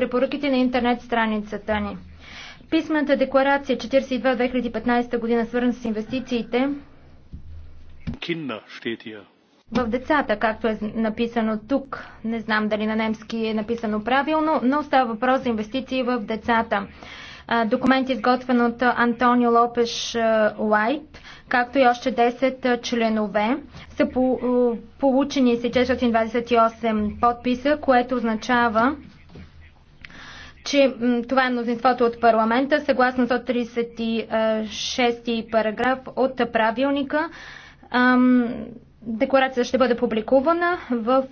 препоръките на интернет страницата ни. Писмената декларация 42-2015 година, свързана с инвестициите в децата, както е написано тук. Не знам дали на немски е написано правилно, но става въпрос за инвестиции в децата. Документ е изготвен от Антонио Лопеш Лайт, както и още 10 членове. Са получени 628 подписа, което означава, че това е мнозинството от парламента, съгласно 136 параграф от правилника. Декларацията ще бъде публикувана в